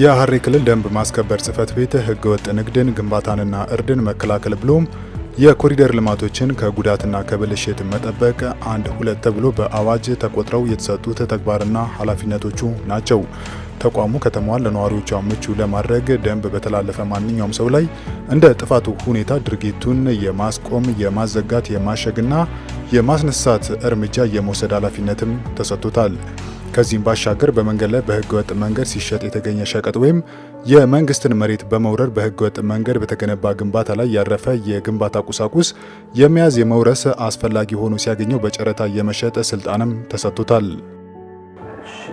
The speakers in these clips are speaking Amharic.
የሐረሪ ክልል ደንብ ማስከበር ጽፈት ቤት ህገወጥ ወጥ ንግድን፣ ግንባታንና እርድን መከላከል ብሎም የኮሪደር ልማቶችን ከጉዳትና ከብልሽት መጠበቅ አንድ ሁለት ተብሎ በአዋጅ ተቆጥረው የተሰጡት ተግባርና ኃላፊነቶቹ ናቸው። ተቋሙ ከተማዋን ለነዋሪዎቿ ምቹ ለማድረግ ደንብ በተላለፈ ማንኛውም ሰው ላይ እንደ ጥፋቱ ሁኔታ ድርጊቱን የማስቆም፣ የማዘጋት፣ የማሸግና የማስነሳት እርምጃ የመውሰድ ኃላፊነትም ተሰጥቶታል። ከዚህም ባሻገር በመንገድ ላይ በህገወጥ መንገድ ሲሸጥ የተገኘ ሸቀጥ ወይም የመንግስትን መሬት በመውረር በህገወጥ መንገድ በተገነባ ግንባታ ላይ ያረፈ የግንባታ ቁሳቁስ የመያዝ የመውረስ አስፈላጊ ሆኖ ሲያገኘው በጨረታ የመሸጥ ስልጣንም ተሰጥቶታል።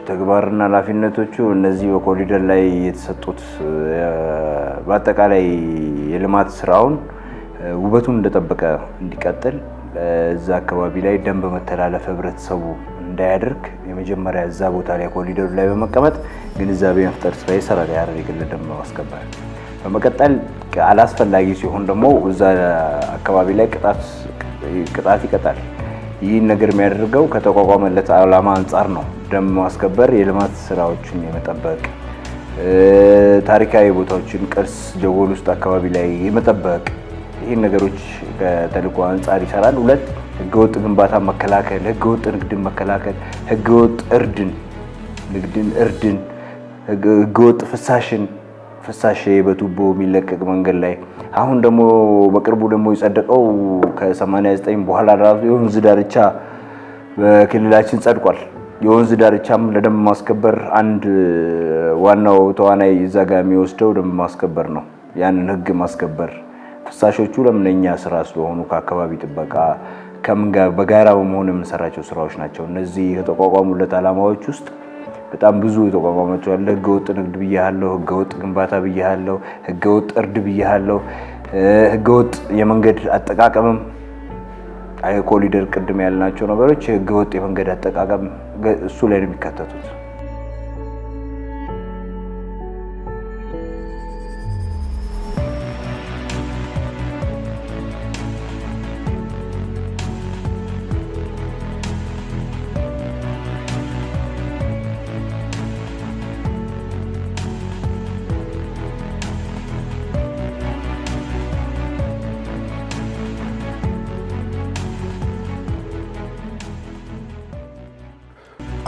ተግባርና ኃላፊነቶቹ እነዚህ በኮሪደር ላይ የተሰጡት በአጠቃላይ የልማት ስራውን ውበቱን እንደጠበቀ እንዲቀጥል እዛ አካባቢ ላይ ደንብ መተላለፍ ህብረተሰቡ እንዳያደርግ የመጀመሪያ እዛ ቦታ ላይ ኮሪደሩ ላይ በመቀመጥ ግንዛቤ መፍጠር ስራ ይሰራል። የሐረሪ ክልል ደንብ ማስከበር በመቀጠል አላስፈላጊ ሲሆን ደግሞ እዛ አካባቢ ላይ ቅጣት ይቀጣል። ይህን ነገር የሚያደርገው ከተቋቋመለት ዓላማ አንጻር ነው። ደም ማስከበር፣ የልማት ስራዎችን የመጠበቅ ታሪካዊ ቦታዎችን ቅርስ፣ ጀጎል ውስጥ አካባቢ ላይ የመጠበቅ ይህን ነገሮች ከተልዕኮ አንጻር ይሰራል። ሁለት ህገወጥ ግንባታ መከላከል፣ ህገወጥ ንግድን መከላከል፣ ህገወጥ እርድን ንግድን እርድን ህገወጥ ፍሳሽን ፍሳሽ በቱቦ የሚለቀቅ መንገድ ላይ አሁን ደግሞ በቅርቡ ደግሞ የጸደቀው ከ89 በኋላ ራሱ የወንዝ ዳርቻ በክልላችን ጸድቋል። የወንዝ ዳርቻም ለደንብ ማስከበር አንድ ዋናው ተዋናይ እዛ ጋ የሚወስደው ደንብ ማስከበር ነው። ያንን ህግ ማስከበር ፍሳሾቹ ለምነኛ ስራ ስለሆኑ ከአካባቢ ጥበቃ ከምን ጋር በጋራ በመሆን የምንሰራቸው ስራዎች ናቸው። እነዚህ ከተቋቋሙለት ዓላማዎች ውስጥ በጣም ብዙ የተቋቋማቸው ህገወጥ ንግድ ብያለሁ፣ ህገወጥ ግንባታ ብያለሁ፣ ህገወጥ እርድ ብያለሁ፣ ህገወጥ የመንገድ አጠቃቀምም አኮሊደር ቅድም ያልናቸው ነገሮች ህገወጥ የመንገድ አጠቃቀም እሱ ላይ ነው የሚካተቱት።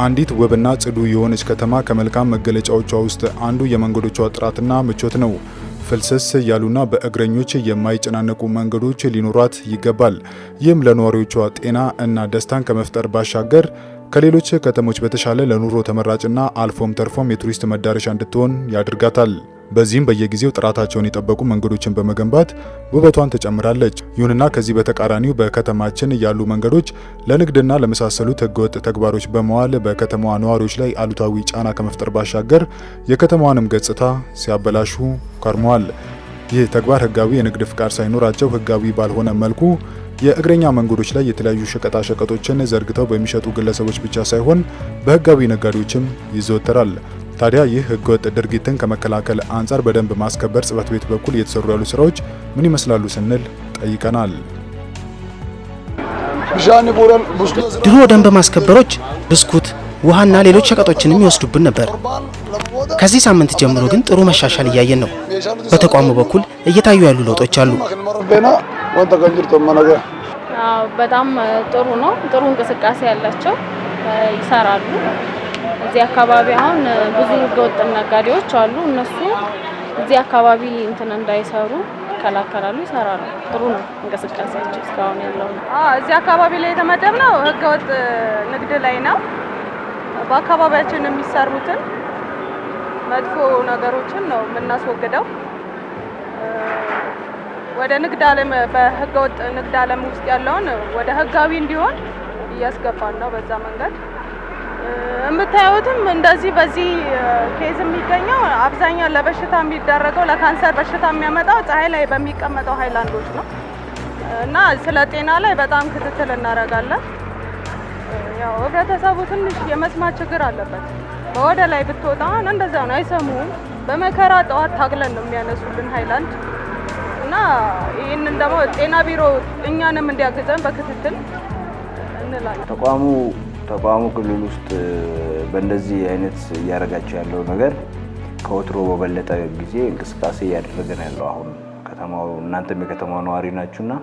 አንዲት ውብና ጽዱ የሆነች ከተማ ከመልካም መገለጫዎቿ ውስጥ አንዱ የመንገዶቿ ጥራትና ምቾት ነው። ፍልስስ ያሉና በእግረኞች የማይጨናነቁ መንገዶች ሊኖሯት ይገባል። ይህም ለነዋሪዎቿ ጤና እና ደስታን ከመፍጠር ባሻገር ከሌሎች ከተሞች በተሻለ ለኑሮ ተመራጭና አልፎም ተርፎም የቱሪስት መዳረሻ እንድትሆን ያደርጋታል። በዚህም በየጊዜው ጥራታቸውን የጠበቁ መንገዶችን በመገንባት ውበቷን ትጨምራለች። ይሁንና ከዚህ በተቃራኒው በከተማችን ያሉ መንገዶች ለንግድና ለመሳሰሉት ህገወጥ ተግባሮች በመዋል በከተማዋ ነዋሪዎች ላይ አሉታዊ ጫና ከመፍጠር ባሻገር የከተማዋንም ገጽታ ሲያበላሹ ከርመዋል። ይህ ተግባር ህጋዊ የንግድ ፍቃድ ሳይኖራቸው ህጋዊ ባልሆነ መልኩ የእግረኛ መንገዶች ላይ የተለያዩ ሸቀጣ ሸቀጦችን ዘርግተው በሚሸጡ ግለሰቦች ብቻ ሳይሆን በህጋዊ ነጋዴዎችም ይዘወተራል። ታዲያ ይህ ህገወጥ ድርጊትን ከመከላከል አንጻር በደንብ ማስከበር ጽፈት ቤት በኩል እየተሰሩ ያሉ ስራዎች ምን ይመስላሉ ስንል ጠይቀናል። ድሮ ደንብ ማስከበሮች ብስኩት፣ ውሃና ሌሎች ሸቀጦችንም ይወስዱብን ነበር። ከዚህ ሳምንት ጀምሮ ግን ጥሩ መሻሻል እያየን ነው። በተቋሙ በኩል እየታዩ ያሉ ለውጦች አሉ። በጣም ጥሩ ነው። ጥሩ እንቅስቃሴ ያላቸው ይሰራሉ። እዚህ አካባቢ አሁን ብዙ ህገወጥ ነጋዴዎች አሉ። እነሱ እዚህ አካባቢ እንትን እንዳይሰሩ ይከላከላሉ፣ ይሰራሉ። ጥሩ ነው እንቅስቃሴያቸው እስካሁን ያለው ነው። እዚህ አካባቢ ላይ የተመደብነው ህገወጥ ንግድ ላይ ነው። በአካባቢያችን የሚሰሩትን መጥፎ ነገሮችን ነው የምናስወግደው። ወደ ንግድ አለም በህገወጥ ንግድ አለም ውስጥ ያለውን ወደ ህጋዊ እንዲሆን እያስገባን ነው በዛ መንገድ የምታዩትም እንደዚህ በዚህ ኬዝ የሚገኘው አብዛኛው ለበሽታ የሚደረገው ለካንሰር በሽታ የሚያመጣው ፀሐይ ላይ በሚቀመጠው ሀይላንዶች ነው እና ስለ ጤና ላይ በጣም ክትትል እናደርጋለን። ያው ህብረተሰቡ ትንሽ የመስማት ችግር አለበት። በወደ ላይ ብትወጣ እንደዛ ነው፣ አይሰሙም። በመከራ ጠዋት ታግለን ነው የሚያነሱልን ሃይላንድ እና ይህንን ደግሞ ጤና ቢሮ እኛንም እንዲያግዘን በክትትል እንላለን። ተቋሙ ተቋሙ ክልል ውስጥ በእንደዚህ አይነት እያደረጋቸው ያለው ነገር ከወትሮ በበለጠ ጊዜ እንቅስቃሴ እያደረገ ነው ያለው። አሁን ከተማው እናንተም የከተማው ነዋሪ ናችሁና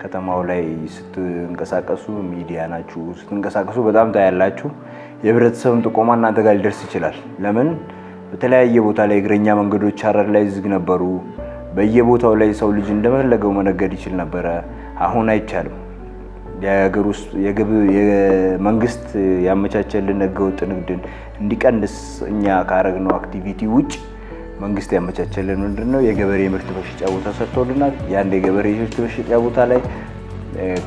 ከተማው ላይ ስትንቀሳቀሱ ሚዲያ ናችሁ፣ ስትንቀሳቀሱ በጣም ታያላችሁ። የህብረተሰብን ጥቆማ እናንተ ጋር ሊደርስ ይችላል። ለምን በተለያየ ቦታ ላይ እግረኛ መንገዶች አረር ላይ ዝግ ነበሩ። በየቦታው ላይ ሰው ልጅ እንደፈለገው መነገድ ይችል ነበረ። አሁን አይቻልም። የሀገር ውስጥ የመንግስት ያመቻቸልን ህገወጥ ንግድን እንዲቀንስ እኛ ካረግነው አክቲቪቲ ውጭ መንግስት ያመቻቸልን ምንድን ነው? የገበሬ ምርት መሸጫ ቦታ ሰጥቶልናል። የአንድ የገበሬ ምርት መሸጫ ቦታ ላይ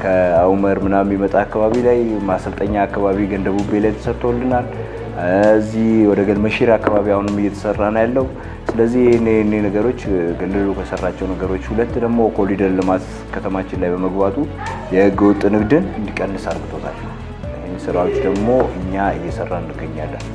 ከአውመር ምናምን የሚመጣ አካባቢ ላይ ማሰልጠኛ አካባቢ ገንደቡቤ ላይ ተሰርቶልናል። እዚህ ወደ ገልመሽር አካባቢ አሁንም እየተሰራ ነው ያለው። ስለዚህ እኔ ነገሮች ክልሉ ከሰራቸው ነገሮች፣ ሁለት ደግሞ ኮሪደር ልማት ከተማችን ላይ በመግባቱ የህገ ወጥ ንግድን እንዲቀንስ አርግቶታል። ይህን ስራዎች ደግሞ እኛ እየሰራ እንገኛለን።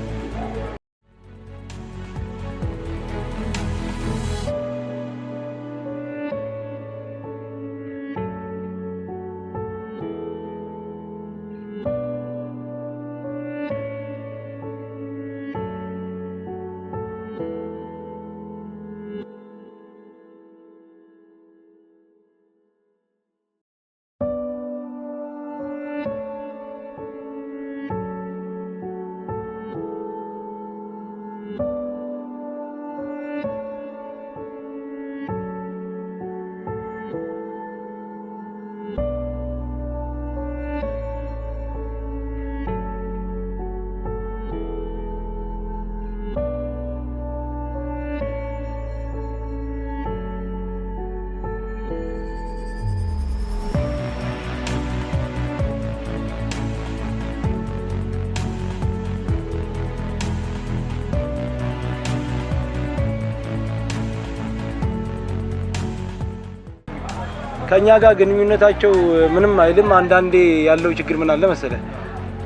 ከእኛ ጋር ግንኙነታቸው ምንም አይልም። አንዳንዴ ያለው ችግር ምን አለ መሰለ፣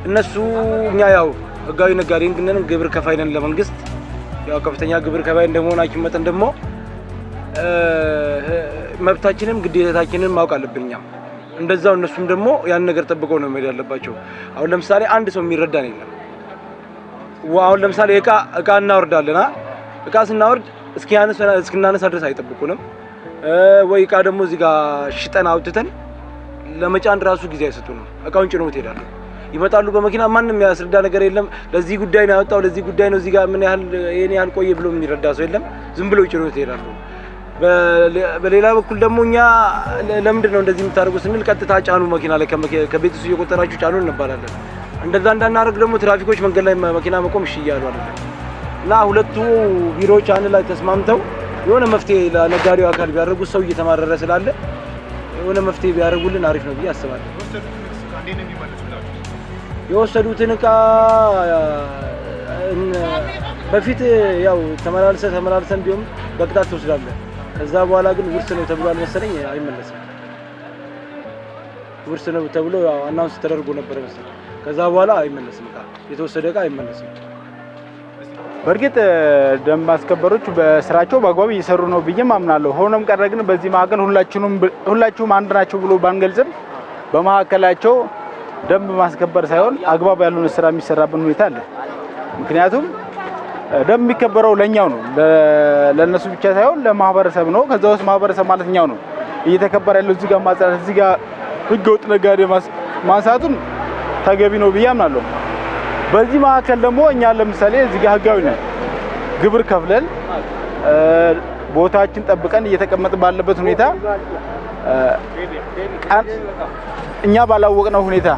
እነሱ እኛ ያው ህጋዊ ነጋዴ ግንን ግብር ከፋይ ነን ለመንግስት። ያው ከፍተኛ ግብር ከፋይ እንደመሆናችን መጠን ደግሞ መብታችንም ግዴታችንን ማወቅ አለብን እኛም እንደዛው እነሱም ደግሞ ያን ነገር ጠብቀው ነው መሄድ ያለባቸው። አሁን ለምሳሌ አንድ ሰው የሚረዳን የለም። አሁን ለምሳሌ እቃ እቃ እናወርዳለና እቃ ስናወርድ እስኪናነሳ ድረስ አይጠብቁንም። ወይ እቃ ደግሞ እዚህ ጋር ሽጠን አውጥተን ለመጫን ራሱ ጊዜ አይሰጡንም። እቃውን ጭኖ ትሄዳሉ፣ ይመጣሉ በመኪና ማንም ያስረዳ ነገር የለም። ለዚህ ጉዳይ ነው ያወጣው፣ ለዚህ ጉዳይ ነው እዚህ ጋር ምን ያህል ይሄን ያህል ቆየ ብሎ የሚረዳ ሰው የለም። ዝም ብለው ጭነው ትሄዳሉ። በሌላ በኩል ደግሞ እኛ ለምንድን ነው እንደዚህ የምታደርጉ ስንል ቀጥታ ጫኑ መኪና ላይ ከቤት ውስጥ እየቆጠራችሁ ጫኑ እንባላለን። እንደዛ እንዳናደርግ ደግሞ ትራፊኮች መንገድ ላይ መኪና መቆም እሺ እያሉ እና ሁለቱ ቢሮዎች አንድ ላይ ተስማምተው የሆነ መፍትሄ ለነጋዴው አካል ቢያደርጉት ሰው እየተማረረ ስላለ የሆነ መፍትሄ ቢያደርጉልን አሪፍ ነው ብዬ አስባለሁ። የወሰዱትን እቃ በፊት ያው ተመላልሰ ተመላልሰን ቢሆን በቅጣት ትወስዳለህ። ከዛ በኋላ ግን ውርስ ነው ተብሎ አልመሰለኝ አይመለስም። ውርስ ነው ተብሎ አናውንስ ተደርጎ ነበረ መሰለኝ። ከዛ በኋላ አይመለስም እቃ የተወሰደ እቃ አይመለስም። በእርግጥ ደንብ አስከበሮች በስራቸው በአግባብ እየሰሩ ነው ብዬም አምናለሁ። ሆኖም ቀረ ግን በዚህ መካከል ሁላችሁም አንድ ናቸው ብሎ ባንገልጽም በመካከላቸው ደንብ ማስከበር ሳይሆን አግባብ ያሉን ስራ የሚሰራብን ሁኔታ አለ። ምክንያቱም ደንብ የሚከበረው ለእኛው ነው፣ ለእነሱ ብቻ ሳይሆን ለማህበረሰብ ነው። ከዛ ውስጥ ማህበረሰብ ማለት እኛው ነው። እየተከበረ ያለው እዚህ ጋር ማጽዳት፣ እዚህ ጋር ነጋዴ ማንሳቱን ተገቢ ነው ብዬ አምናለሁ። በዚህ መካከል ደግሞ እኛ ለምሳሌ እዚህ ጋር ህጋዊ ነን፣ ግብር ከፍለን ቦታችን ጠብቀን እየተቀመጥ ባለበት ሁኔታ እኛ ባላወቅነው ሁኔታ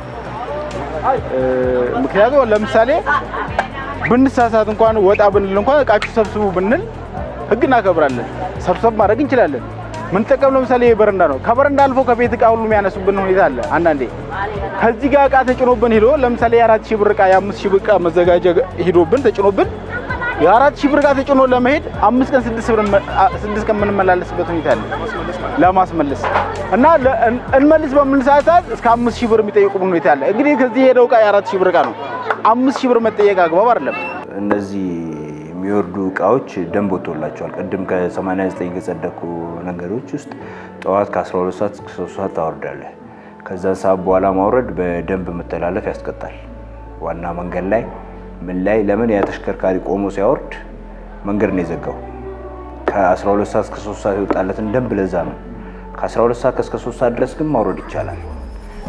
ምክንያቱም ለምሳሌ ብንሳሳት እንኳን ወጣ ብንል እንኳን እቃችሁ ሰብስቡ ብንል ህግ እናከብራለን፣ ሰብሰብ ማድረግ እንችላለን። ምንጠቀም ለምሳሌ በረንዳ ነው። ከበረንዳ አልፎ ከቤት እቃ ሁሉ የሚያነሱብን ሁኔታ አለ። አንዳንዴ ከዚህ ጋር እቃ ተጭኖብን ሄዶ ለምሳሌ የአራት ሺህ ብር እቃ የአምስት ሺህ ብር እቃ መዘጋጃ ሄዶብን ተጭኖብን የአራት ሺህ ብር እቃ ተጭኖ ለመሄድ አምስት ቀን ስድስት ቀን የምንመላለስበት ሁኔታ አለ ለማስመለስ እና እንመልስ በምን ሰዓት እስከ አምስት ሺህ ብር የሚጠይቁብን ሁኔታ አለ። እንግዲህ ከዚህ ሄደው እቃ የአራት ሺህ ብር እቃ ነው። አምስት ሺህ ብር መጠየቅ አግባብ አይደለም። እነዚህ የሚወርዱ እቃዎች ደንብ ወጥቶላቸዋል። ቅድም ከ89 ከጸደቁ ነገሮች ውስጥ ጠዋት ከ12 ሰዓት እስከ 3 ሰዓት ታወርዳለህ። ከዛን ሰዓት በኋላ ማውረድ በደንብ መተላለፍ ያስቀጣል። ዋና መንገድ ላይ ምን ላይ ለምን ያ ተሽከርካሪ ቆሞ ሲያወርድ መንገድ ነው የዘጋው። ከ12 ሰዓት እስከ 3 ሰዓት ይወጣለትን ደንብ ለዛ ነው። ከ12 ሰዓት እስከ 3 ሰዓት ድረስ ግን ማውረድ ይቻላል።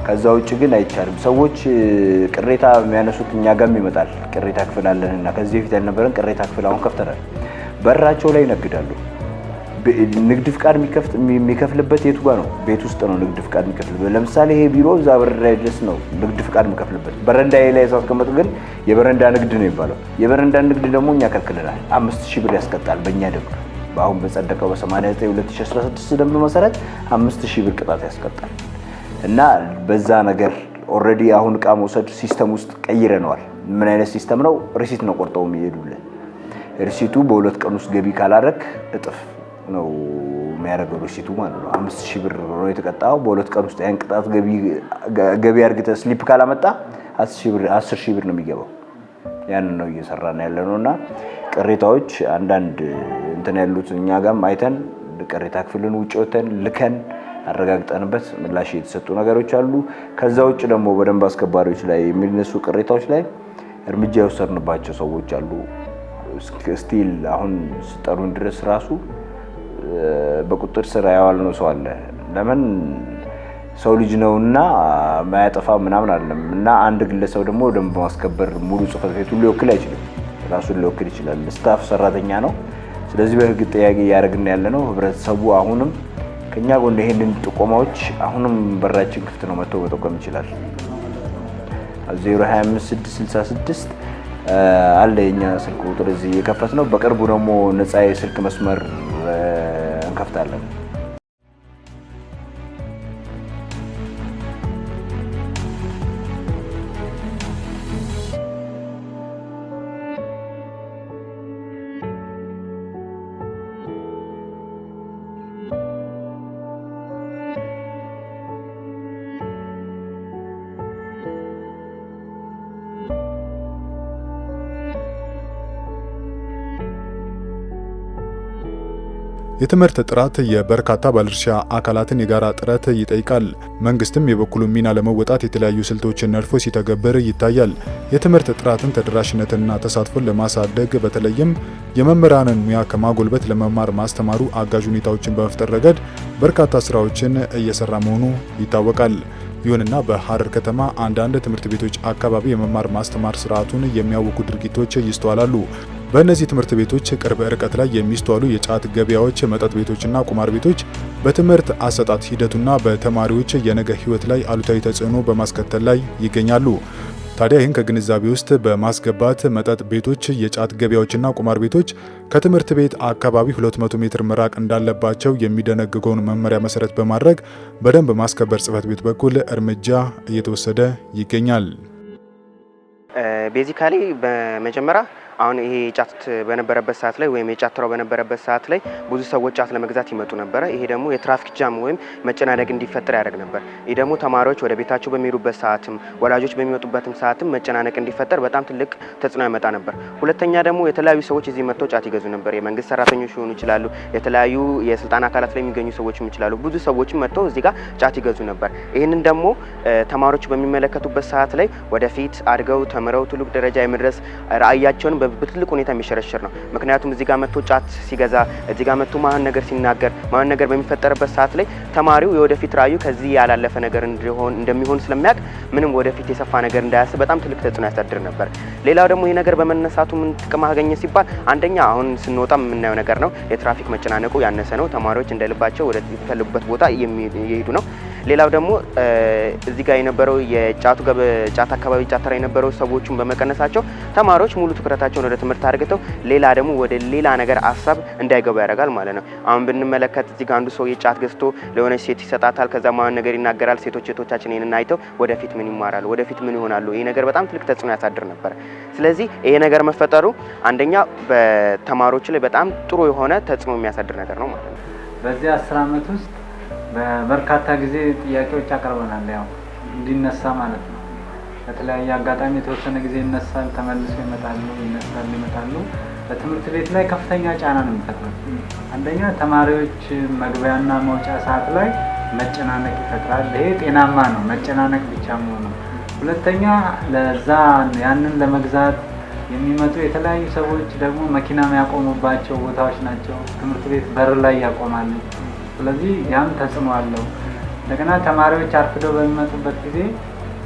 ከዛ ውጭ ግን አይቻልም። ሰዎች ቅሬታ የሚያነሱት እኛ ጋም ይመጣል። ቅሬታ ክፍል አለን እና ከዚህ በፊት ያልነበረን ቅሬታ ክፍል አሁን ከፍተናል። በራቸው ላይ ይነግዳሉ። ንግድ ፍቃድ የሚከፍልበት የቱ ጋ ነው? ቤት ውስጥ ነው ንግድ ፍቃድ የሚከፍልበት። ለምሳሌ ይሄ ቢሮ እዛ በረንዳ ድረስ ነው ንግድ ፍቃድ የሚከፍልበት። በረንዳ ላይ ሳስቀመጥ ግን የበረንዳ ንግድ ነው የሚባለው። የበረንዳ ንግድ ደግሞ እኛ ከልክልናል። አምስት ሺህ ብር ያስቀጣል በእኛ ደንብ በአሁን በጸደቀው በ89 2016 ደንብ መሰረት አምስት ሺህ ብር ቅጣት ያስቀጣል። እና በዛ ነገር ኦልሬዲ አሁን እቃ መውሰድ ሲስተም ውስጥ ቀይረነዋል። ምን አይነት ሲስተም ነው? ሪሲት ነው ቆርጠው የሚሄዱልን። ሪሲቱ በሁለት ቀን ውስጥ ገቢ ካላረክ እጥፍ ነው የሚያደርገው ሪሲቱ ማለት ነው። አምስት ሺህ ብር ነው የተቀጣው በሁለት ቀን ውስጥ ያን ቅጣት ገቢ አርግተህ ስሊፕ ካላመጣ አስር ሺህ ብር ነው የሚገባው። ያን ነው ነው ያለ ነው እና ቅሬታዎች አንዳንድ እንትን ያሉት እኛ ጋም አይተን ቅሬታ ክፍልን ውጭ ወተን ልከን አረጋግጠንበት ምላሽ የተሰጡ ነገሮች አሉ። ከዛ ውጭ ደግሞ በደንብ አስከባሪዎች ላይ የሚነሱ ቅሬታዎች ላይ እርምጃ የወሰድንባቸው ሰዎች አሉ። ስቲል አሁን ስጠሩን ድረስ ራሱ በቁጥር ስር ያዋልነው ሰው አለ። ለምን ሰው ልጅ ነውና ማያጠፋ ምናምን አለም እና አንድ ግለሰብ ደግሞ ደንብ ማስከበር ሙሉ ጽህፈት ቤቱን ሊወክል አይችልም። ራሱን ሊወክል ይችላል። ስታፍ ሰራተኛ ነው። ስለዚህ በህግ ጥያቄ እያደረግን ያለ ነው። ህብረተሰቡ አሁንም ከእኛ ጎን ይሄንን ጥቆማዎች አሁንም በራችን ክፍት ነው፣ መጥቶ መጠቆም ይችላል። 025666 አለ የኛ ስልክ ቁጥር እዚህ የከፈት ነው። በቅርቡ ደግሞ ነፃ የስልክ መስመር እንከፍታለን። የትምህርት ጥራት የበርካታ ባለድርሻ አካላትን የጋራ ጥረት ይጠይቃል። መንግስትም የበኩሉን ሚና ለመወጣት የተለያዩ ስልቶችን ነድፎ ሲተገብር ይታያል። የትምህርት ጥራትን ተደራሽነትንና ተሳትፎን ለማሳደግ በተለይም የመምህራንን ሙያ ከማጎልበት ለመማር ማስተማሩ አጋዥ ሁኔታዎችን በመፍጠር ረገድ በርካታ ስራዎችን እየሰራ መሆኑ ይታወቃል። ይሁንና በሐረር ከተማ አንዳንድ ትምህርት ቤቶች አካባቢ የመማር ማስተማር ስርዓቱን የሚያውኩ ድርጊቶች ይስተዋላሉ። በእነዚህ ትምህርት ቤቶች ቅርብ ርቀት ላይ የሚስተዋሉ የጫት ገበያዎች፣ መጠጥ ቤቶችና ቁማር ቤቶች በትምህርት አሰጣጥ ሂደቱና በተማሪዎች የነገ ህይወት ላይ አሉታዊ ተጽዕኖ በማስከተል ላይ ይገኛሉ። ታዲያ ይህን ከግንዛቤ ውስጥ በማስገባት መጠጥ ቤቶች፣ የጫት ገበያዎችና ቁማር ቤቶች ከትምህርት ቤት አካባቢ 200 ሜትር መራቅ እንዳለባቸው የሚደነግገውን መመሪያ መሰረት በማድረግ በደንብ ማስከበር ጽፈት ቤት በኩል እርምጃ እየተወሰደ ይገኛል። ቤዚካሊ በመጀመሪያ አሁን ይሄ ጫት በነበረበት ሰዓት ላይ ወይም የጫት ተራው በነበረበት ሰዓት ላይ ብዙ ሰዎች ጫት ለመግዛት ይመጡ ነበረ። ይሄ ደግሞ የትራፊክ ጃም ወይም መጨናነቅ እንዲፈጠር ያደርግ ነበር። ይህ ደግሞ ተማሪዎች ወደ ቤታቸው በሚሄዱበት ሰዓትም ወላጆች በሚመጡበትም ሰዓትም መጨናነቅ እንዲፈጠር በጣም ትልቅ ተጽዕኖ ያመጣ ነበር። ሁለተኛ ደግሞ የተለያዩ ሰዎች እዚህ መጥተው ጫት ይገዙ ነበር። የመንግስት ሰራተኞች ሊሆኑ ይችላሉ፣ የተለያዩ የስልጣን አካላት ላይ የሚገኙ ሰዎችም ይችላሉ። ብዙ ሰዎችም መጥተው እዚህ ጋር ጫት ይገዙ ነበር። ይህንን ደግሞ ተማሪዎች በሚመለከቱበት ሰዓት ላይ ወደፊት አድገው ተምረው ትልቅ ደረጃ የመድረስ ራዕያቸውን በትልቅ ሁኔታ የሚሸረሸር ነው። ምክንያቱም እዚህ ጋር መጥቶ ጫት ሲገዛ፣ እዚህ ጋር መጥቶ ማህን ነገር ሲናገር፣ ማህን ነገር በሚፈጠርበት ሰዓት ላይ ተማሪው የወደፊት ራዩ ከዚህ ያላለፈ ነገር እንደሚሆን ስለሚያውቅ ምንም ወደፊት የሰፋ ነገር እንዳያስብ በጣም ትልቅ ተጽዕኖ ያሳድር ነበር። ሌላው ደግሞ ይህ ነገር በመነሳቱ ምን ጥቅም አገኘ ሲባል አንደኛ አሁን ስንወጣ የምናየው ነገር ነው። የትራፊክ መጨናነቁ ያነሰ ነው። ተማሪዎች እንደልባቸው ወደሚፈልጉበት ቦታ እየሄዱ ነው። ሌላው ደግሞ እዚህ ጋር የነበረው የጫቱ ጫት አካባቢ ጫተራ የነበረው ሰዎቹን በመቀነሳቸው ተማሪዎች ሙሉ ትኩረታቸውን ወደ ትምህርት አድርገው ሌላ ደግሞ ወደ ሌላ ነገር ሀሳብ እንዳይገቡ ያደርጋል ማለት ነው። አሁን ብንመለከት እዚህ ጋር አንዱ ሰው የጫት ገዝቶ ለሆነች ሴት ይሰጣታል። ከዛ ማን ነገር ይናገራል። ሴቶች ሴቶቻችን ይህንን አይተው ወደፊት ምን ይማራሉ፣ ወደፊት ምን ይሆናሉ፣ ይህ ነገር በጣም ትልቅ ተጽዕኖ ያሳድር ነበር። ስለዚህ ይሄ ነገር መፈጠሩ አንደኛ በተማሪዎች ላይ በጣም ጥሩ የሆነ ተጽዕኖ የሚያሳድር ነገር ነው ማለት ነው። በዚህ አስር አመት ውስጥ በበርካታ ጊዜ ጥያቄዎች አቅርበናል። ያው እንዲነሳ ማለት ነው። በተለያየ አጋጣሚ የተወሰነ ጊዜ ይነሳል፣ ተመልሶ ይመጣሉ፣ ይነሳል ይመጣሉ። በትምህርት ቤት ላይ ከፍተኛ ጫና ነው የሚፈጥረው። አንደኛ ተማሪዎች መግቢያና መውጫ ሰዓት ላይ መጨናነቅ ይፈጥራል። ይሄ ጤናማ ነው መጨናነቅ ብቻ መሆኑ። ሁለተኛ ለዛ ያንን ለመግዛት የሚመጡ የተለያዩ ሰዎች ደግሞ መኪና ያቆሙባቸው ቦታዎች ናቸው። ትምህርት ቤት በር ላይ ያቆማሉ። ስለዚህ ያም ተጽዕኖ አለው። እንደገና ተማሪዎች አርፍደው በሚመጡበት ጊዜ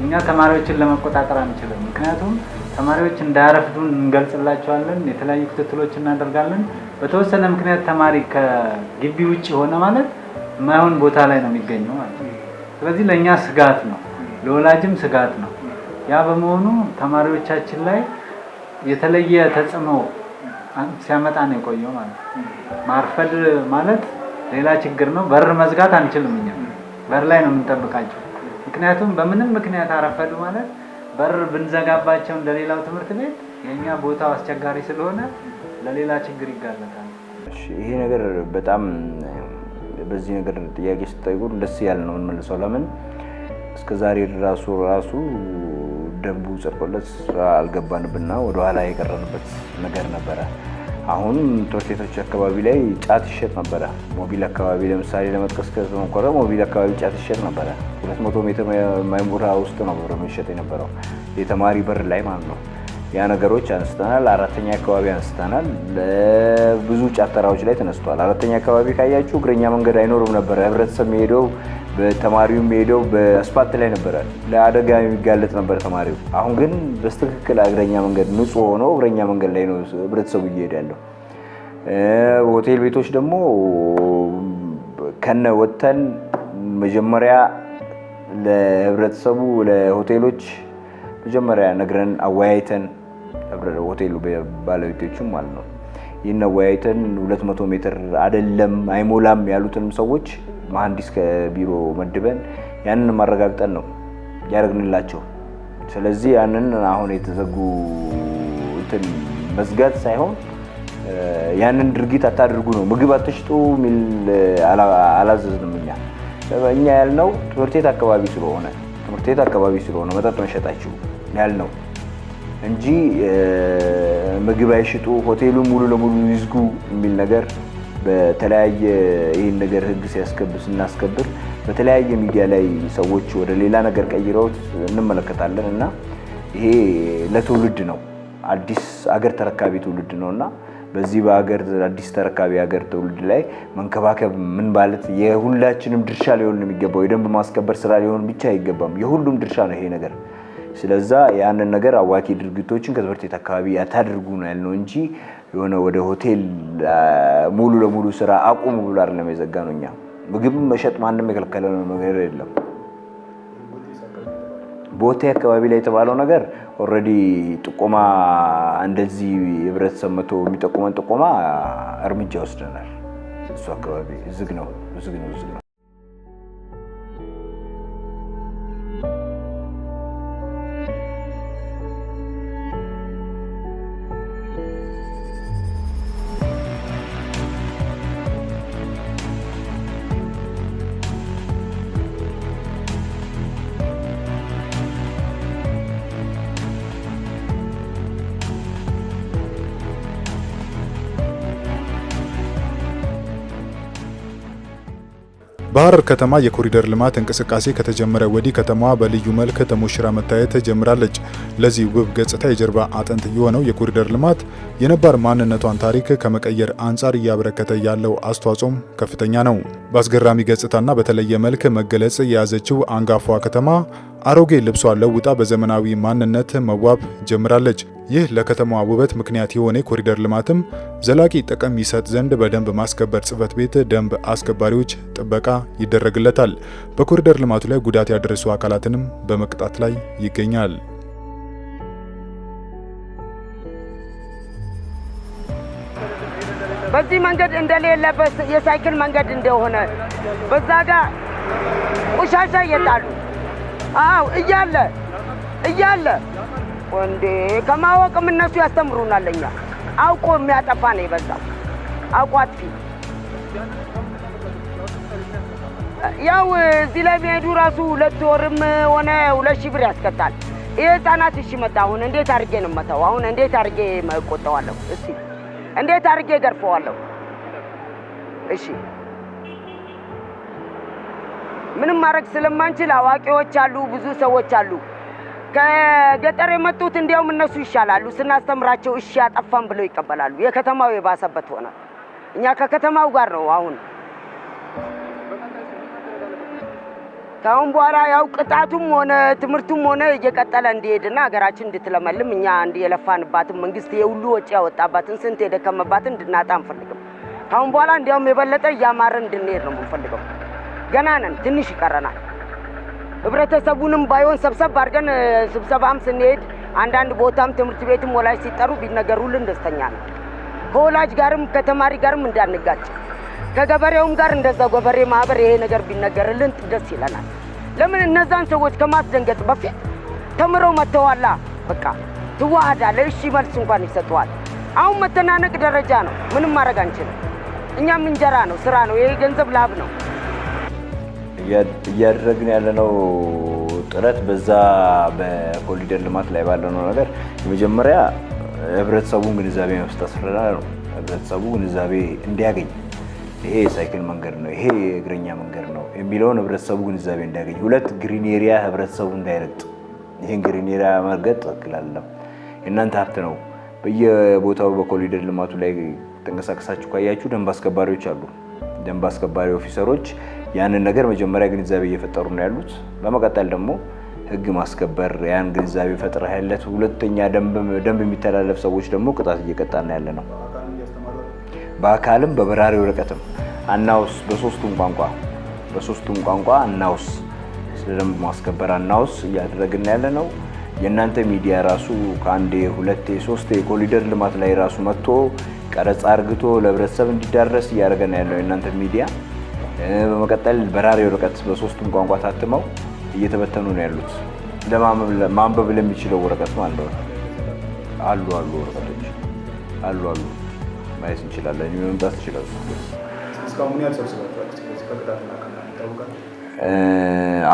እኛ ተማሪዎችን ለመቆጣጠር አንችልም። ምክንያቱም ተማሪዎች እንዳያረፍዱን እንገልጽላቸዋለን፣ የተለያዩ ክትትሎች እናደርጋለን። በተወሰነ ምክንያት ተማሪ ከግቢ ውጭ ሆነ ማለት የማይሆን ቦታ ላይ ነው የሚገኘው ማለት ነው። ስለዚህ ለእኛ ስጋት ነው፣ ለወላጅም ስጋት ነው። ያ በመሆኑ ተማሪዎቻችን ላይ የተለየ ተጽዕኖ ሲያመጣ ነው የቆየው ማለት ነው። ማርፈድ ማለት ሌላ ችግር ነው። በር መዝጋት አንችልም። እኛ በር ላይ ነው የምንጠብቃቸው። ምክንያቱም በምንም ምክንያት አረፈዱ ማለት በር ብንዘጋባቸው እንደሌላው ትምህርት ቤት የእኛ ቦታው አስቸጋሪ ስለሆነ ለሌላ ችግር ይጋለጣል። ይሄ ነገር በጣም በዚህ ነገር ጥያቄ ስጠይቁ ደስ ያለ ነው የምንመልሰው። ለምን እስከ ዛሬ ራሱ ራሱ ደንቡ ጸድቆለት ስራ አልገባንብና ወደኋላ የቀረንበት ነገር ነበረ። አሁን ትርሴቶች አካባቢ ላይ ጫት ይሸጥ ነበረ። ሞቢል አካባቢ ለምሳሌ ለመጥቀስ ከተሞከረ ሞቢል አካባቢ ጫት ይሸጥ ነበረ። ሁለት መቶ ሜትር ማይሙራ ውስጥ ነው ብሮ የሚሸጥ የነበረው የተማሪ በር ላይ ማለት ነው። ያ ነገሮች አንስተናል። አራተኛ አካባቢ አንስተናል። ለብዙ ጫት ተራዎች ላይ ተነስቷል። አራተኛ አካባቢ ካያችሁ እግረኛ መንገድ አይኖርም ነበረ። ህብረተሰብ የሚሄደው ተማሪው የሚሄደው በአስፓልት ላይ ነበረ። ለአደጋ የሚጋለጥ ነበር ተማሪው። አሁን ግን በስትክክል እግረኛ መንገድ ንጹህ ሆኖ እግረኛ መንገድ ላይ ነው ህብረተሰቡ እየሄደ ያለው። ሆቴል ቤቶች ደግሞ ከነ ወተን መጀመሪያ ለህብረተሰቡ ለሆቴሎች መጀመሪያ ነግረን አወያይተን ሆቴሉ ባለቤቶቹም ማለት ነው ይህን አወያይተን ሁለት መቶ ሜትር አይደለም አይሞላም ያሉትንም ሰዎች መሀንዲስ ከቢሮ መድበን ያንን ማረጋግጠን ነው ያደረግንላቸው ስለዚህ ያንን አሁን የተዘጉ እንትን መዝጋት ሳይሆን ያንን ድርጊት አታድርጉ ነው። ምግብ አትሽጡ የሚል አላዘዝንም እኛ እኛ ያልነው ትምህርት ቤት አካባቢ ስለሆነ ትምህርት ቤት አካባቢ ስለሆነ መጠጥ መሸጣችሁ ያልነው እንጂ ምግብ አይሽጡ፣ ሆቴሉን ሙሉ ለሙሉ ይዝጉ የሚል ነገር በተለያየ ይህን ነገር ህግ ሲያስከብር ስናስከብር በተለያየ ሚዲያ ላይ ሰዎች ወደ ሌላ ነገር ቀይረውት እንመለከታለን እና ይሄ ለትውልድ ነው አዲስ አገር ተረካቢ ትውልድ ነው እና በዚህ በአገር አዲስ ተረካቢ ሀገር ትውልድ ላይ መንከባከብ ምን ማለት የሁላችንም ድርሻ ሊሆን ነው የሚገባው። የደንብ ማስከበር ስራ ሊሆን ብቻ አይገባም፣ የሁሉም ድርሻ ነው ይሄ ነገር። ስለዛ ያንን ነገር አዋኪ ድርጊቶችን ከትምህርት ቤት አካባቢ ያታድርጉ ነው ያልነው እንጂ የሆነ ወደ ሆቴል ሙሉ ለሙሉ ስራ አቁሙ ብሎ አይደለም የዘጋ ነው። እኛ ምግብ መሸጥ ማንም የከለከለ ነው ነገር የለም። ቦቴ አካባቢ ላይ የተባለው ነገር ኦልሬዲ ጥቆማ እንደዚህ ህብረተሰብ መቶ የሚጠቁመን ጥቆማ እርምጃ ወስደናል። እሱ አካባቢ ዝግ ነው፣ ዝግ ነው፣ ዝግ ነው። በሐረር ከተማ የኮሪደር ልማት እንቅስቃሴ ከተጀመረ ወዲህ ከተማዋ በልዩ መልክ ተሞሽራ መታየት ጀምራለች። ለዚህ ውብ ገጽታ የጀርባ አጥንት የሆነው የኮሪደር ልማት የነባር ማንነቷን ታሪክ ከመቀየር አንጻር እያበረከተ ያለው አስተዋጽኦም ከፍተኛ ነው። በአስገራሚ ገጽታና በተለየ መልክ መገለጽ የያዘችው አንጋፏ ከተማ አሮጌ ልብሷን ለውጣ በዘመናዊ ማንነት መዋብ ጀምራለች። ይህ ለከተማዋ ውበት ምክንያት የሆነ የኮሪደር ልማትም ዘላቂ ጥቅም ይሰጥ ዘንድ በደንብ ማስከበር ጽፈት ቤት ደንብ አስከባሪዎች ጥበቃ ይደረግለታል። በኮሪደር ልማቱ ላይ ጉዳት ያደረሱ አካላትንም በመቅጣት ላይ ይገኛል። በዚህ መንገድ እንደሌለበት የሳይክል መንገድ እንደሆነ በዛ ጋር ቆሻሻ እየጣሉ አዎ እያለ እያለ ወንዴ ከማወቅም እነሱ ያስተምሩናል። እኛ አውቆ የሚያጠፋ ነው የበዛው። አውቆ አጥፊ ያው እዚህ ላይ መሄዱ ራሱ ሁለት ወርም ሆነ ሁለት ሺህ ብር ያስቀጣል። ህፃናት እሺ መጣ። አሁን እንዴት አድርጌ ነው መታው? አሁን እንዴት አድርጌ መቆጠዋለሁ? እስቲ እንዴት አድርጌ ገርፈዋለሁ? እሺ ምንም ማድረግ ስለማንችል አዋቂዎች አሉ፣ ብዙ ሰዎች አሉ። ከገጠር የመጡት እንዲያውም እነሱ ይሻላሉ። ስናስተምራቸው እሺ አጠፋም ብለው ይቀበላሉ። የከተማው የባሰበት ሆነ። እኛ ከከተማው ጋር ነው። አሁን ከአሁን በኋላ ያው ቅጣቱም ሆነ ትምህርቱም ሆነ እየቀጠለ እንዲሄድና ሀገራችን እንድትለመልም እኛ የለፋንባትን መንግስት የሁሉ ወጪ ያወጣባትን ስንት የደከመባትን እንድናጣ አንፈልግም። ከአሁን በኋላ እንዲያውም የበለጠ እያማረን እንድንሄድ ነው የምንፈልገው። ገና ነን፣ ትንሽ ይቀረናል። ህብረተሰቡንም ባይሆን ሰብሰብ አድርገን ስብሰባም ስንሄድ አንዳንድ ቦታም ትምህርት ቤትም ወላጅ ሲጠሩ ቢነገሩልን ደስተኛ ነው። ከወላጅ ጋርም ከተማሪ ጋርም እንዳንጋጭ፣ ከገበሬውም ጋር እንደዛው ገበሬ ማህበር ይሄ ነገር ቢነገርልን ደስ ይለናል። ለምን እነዛን ሰዎች ከማስደንገጥ በፊት ተምረው መጥተዋላ። በቃ ትዋሃዳለ። እሺ መልስ እንኳን ይሰጠዋል። አሁን መተናነቅ ደረጃ ነው። ምንም ማድረግ አንችልም። እኛም እንጀራ ነው፣ ስራ ነው፣ ይሄ ገንዘብ ላብ ነው። እያደረግን ያለነው ጥረት በዛ በኮሊደር ልማት ላይ ባለነው ነገር የመጀመሪያ ህብረተሰቡን ግንዛቤ መስጠት ስለላ ነው። ህብረተሰቡ ግንዛቤ እንዲያገኝ ይሄ የሳይክል መንገድ ነው፣ ይሄ የእግረኛ መንገድ ነው የሚለውን ህብረተሰቡ ግንዛቤ እንዲያገኝ። ሁለት ግሪን ኤሪያ ህብረተሰቡ እንዳይረግጥ፣ ይህን ግሪን ሪያ መርገጥ ትክክል አይደለም፣ የእናንተ ሀብት ነው። በየቦታው በኮሊደር ልማቱ ላይ ተንቀሳቀሳችሁ ካያችሁ ደንብ አስከባሪዎች አሉ። ደንብ አስከባሪ ኦፊሰሮች ያንን ነገር መጀመሪያ ግንዛቤ እየፈጠሩ ነው ያሉት። በመቀጠል ደግሞ ህግ ማስከበር ያን ግንዛቤ ፈጥረ ያለት ሁለተኛ ደንብ የሚተላለፍ ሰዎች ደግሞ ቅጣት እየቀጣና ያለ ነው። በአካልም በበራሪ ወረቀትም አናውስ በሶስቱም ቋንቋ በሶስቱም ቋንቋ አናውስ ስለ ደንብ ማስከበር አናውስ እያደረግን ያለ ነው። የእናንተ ሚዲያ ራሱ ከአንዴ ሁለቴ ሶስቴ የኮሊደር ልማት ላይ ራሱ መጥቶ ቀረጻ አርግቶ ለህብረተሰብ እንዲዳረስ እያደረገ ነው ያለው የእናንተ ሚዲያ በመቀጠል በራሪ ወረቀት በሶስቱም ቋንቋ ታትመው እየተበተኑ ነው ያሉት። ለማንበብ ለሚችለው ወረቀት ማለት ነው። አሉ አሉ ወረቀቶች አሉ አሉ ማየት እንችላለን። መምጣት ይችላሉ።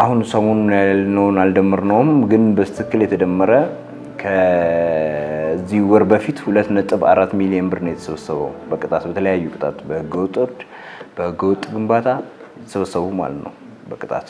አሁን ሰሞኑን ያልነውን አልደመርነውም፣ ግን በስትክክል የተደመረ ከዚህ ወር በፊት ሁለት ነጥብ አራት ሚሊዮን ብር ነው የተሰበሰበው በቅጣት በተለያዩ ቅጣት በህገ ወጥ በህገወጥ ግንባታ የተሰበሰቡ ማለት ነው በቅጣት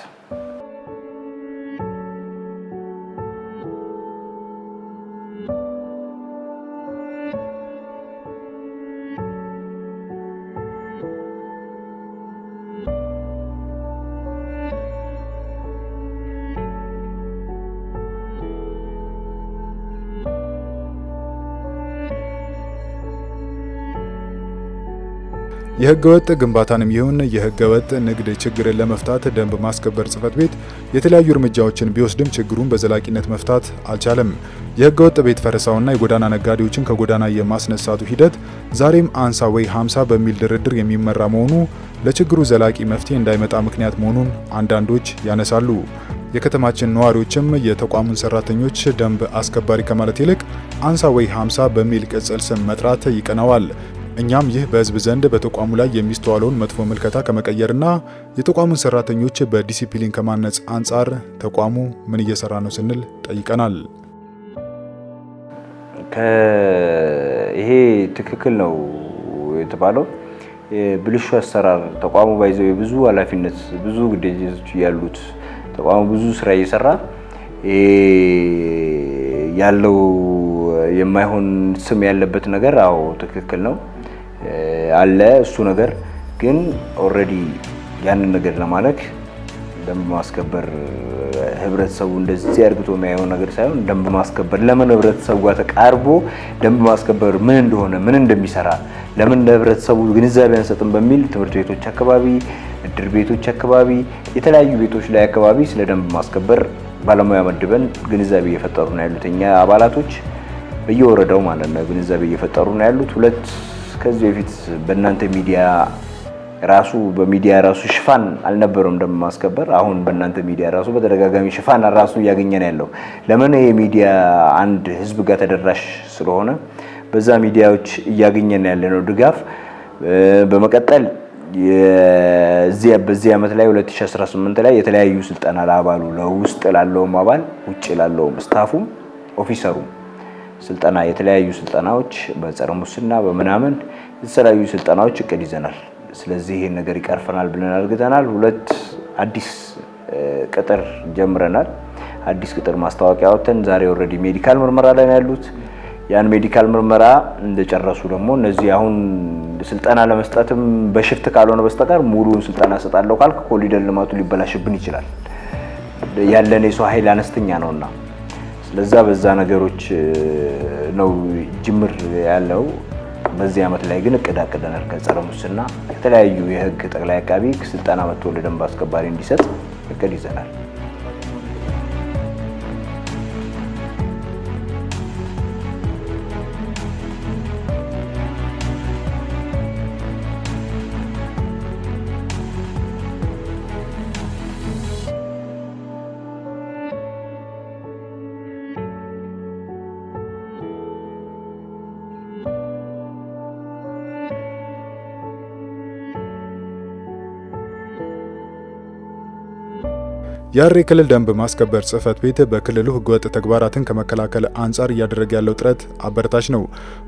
የህገ ወጥ ግንባታንም ይሁን ወጥ ንግድ ችግርን ለመፍታት ደንብ ማስከበር ጽፈት ቤት የተለያዩ እርምጃዎችን ቢወስድም ችግሩን በዘላቂነት መፍታት አልቻለም። የህገወጥ ቤት ፈረሳውና የጎዳና ነጋዴዎችን ከጎዳና የማስነሳቱ ሂደት ዛሬም አንሳ ወይ 50 በሚል ድርድር የሚመራ መሆኑ ለችግሩ ዘላቂ መፍትሄ እንዳይመጣ ምክንያት መሆኑን አንዳንዶች ያነሳሉ። የከተማችን ነዋሪዎችም የተቋሙን ሰራተኞች ደንብ አስከባሪ ከማለት ይልቅ አንሳ ወይ 50 በሚል ቅጽል ስም መጥራት ይቀናዋል። እኛም ይህ በህዝብ ዘንድ በተቋሙ ላይ የሚስተዋለውን መጥፎ ምልከታ ከመቀየርና የተቋሙን ሰራተኞች በዲሲፕሊን ከማነጽ አንጻር ተቋሙ ምን እየሰራ ነው ስንል ጠይቀናል። ይሄ ትክክል ነው የተባለው ብልሹ አሰራር ተቋሙ ባይዘው የብዙ ኃላፊነት ብዙ ግዴቶች ያሉት ተቋሙ ብዙ ስራ እየሰራ ያለው የማይሆን ስም ያለበት ነገር አዎ ትክክል ነው። አለ። እሱ ነገር ግን ኦልሬዲ ያንን ነገር ለማለክ ደንብ ማስከበር ህብረተሰቡ እንደዚህ አርግቶ የሚያየውን ነገር ሳይሆን ደንብ ማስከበር ለምን ህብረተሰቡ ጋር ተቃርቦ ደንብ ማስከበር ምን እንደሆነ ምን እንደሚሰራ ለምን ለህብረተሰቡ ግንዛቤ አንሰጥም በሚል ትምህርት ቤቶች አካባቢ፣ እድር ቤቶች አካባቢ፣ የተለያዩ ቤቶች ላይ አካባቢ ስለ ደንብ ማስከበር ባለሙያ መድበን ግንዛቤ እየፈጠሩ ነው ያሉት እኛ አባላቶች በየወረዳው ማለት ነው ግንዛቤ እየፈጠሩ ነው ያሉት ሁለት ከዚህ በፊት በእናንተ ሚዲያ ራሱ በሚዲያ ራሱ ሽፋን አልነበረም ደም ማስከበር። አሁን በእናንተ ሚዲያ ራሱ በተደጋጋሚ ሽፋን ራሱ እያገኘ ነው ያለው። ለምን ይሄ ሚዲያ አንድ ህዝብ ጋር ተደራሽ ስለሆነ በዛ ሚዲያዎች እያገኘ ነው ያለ ነው ድጋፍ። በመቀጠል በዚህ ዓመት ላይ 2018 ላይ የተለያዩ ስልጠና ለአባሉ ለውስጥ ላለውም አባል ውጭ ላለውም ስታፉም ኦፊሰሩም ስልጠና የተለያዩ ስልጠናዎች በጸረ ሙስና በምናምን የተለያዩ ስልጠናዎች እቅድ ይዘናል። ስለዚህ ይህን ነገር ይቀርፈናል ብለን አድርገናል። ሁለት አዲስ ቅጥር ጀምረናል። አዲስ ቅጥር ማስታወቂያ ወተን ዛሬ ኦልሬዲ ሜዲካል ምርመራ ላይ ያሉት ያን ሜዲካል ምርመራ እንደጨረሱ ደግሞ እነዚህ አሁን ስልጠና ለመስጠትም በሽፍት ካልሆነ በስተቀር ሙሉውን ስልጠና እሰጣለሁ ካልክ ኮሊደር ልማቱ ሊበላሽብን ይችላል። ያለን የሰው ኃይል አነስተኛ ነውና ለዛ በዛ ነገሮች ነው ጅምር ያለው። በዚህ ዓመት ላይ ግን እቅድ አቅደናል። ከጸረ ሙስና የተለያዩ የህግ ጠቅላይ አቃቢ ስልጠና መጥቶ ለደንብ አስከባሪ እንዲሰጥ እቅድ ይዘናል። የሐረሪ ክልል ደንብ ማስከበር ጽህፈት ቤት በክልሉ ህገወጥ ተግባራትን ከመከላከል አንጻር እያደረገ ያለው ጥረት አበረታች ነው።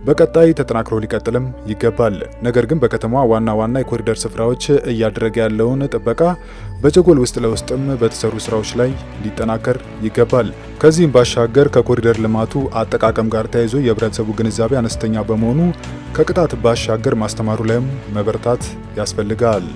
በቀጣይ ተጠናክሮ ሊቀጥልም ይገባል። ነገር ግን በከተማዋ ዋና ዋና የኮሪደር ስፍራዎች እያደረገ ያለውን ጥበቃ በጀጎል ውስጥ ለውስጥም በተሰሩ ስራዎች ላይ ሊጠናከር ይገባል። ከዚህም ባሻገር ከኮሪደር ልማቱ አጠቃቀም ጋር ተያይዞ የህብረተሰቡ ግንዛቤ አነስተኛ በመሆኑ ከቅጣት ባሻገር ማስተማሩ ላይም መበርታት ያስፈልጋል።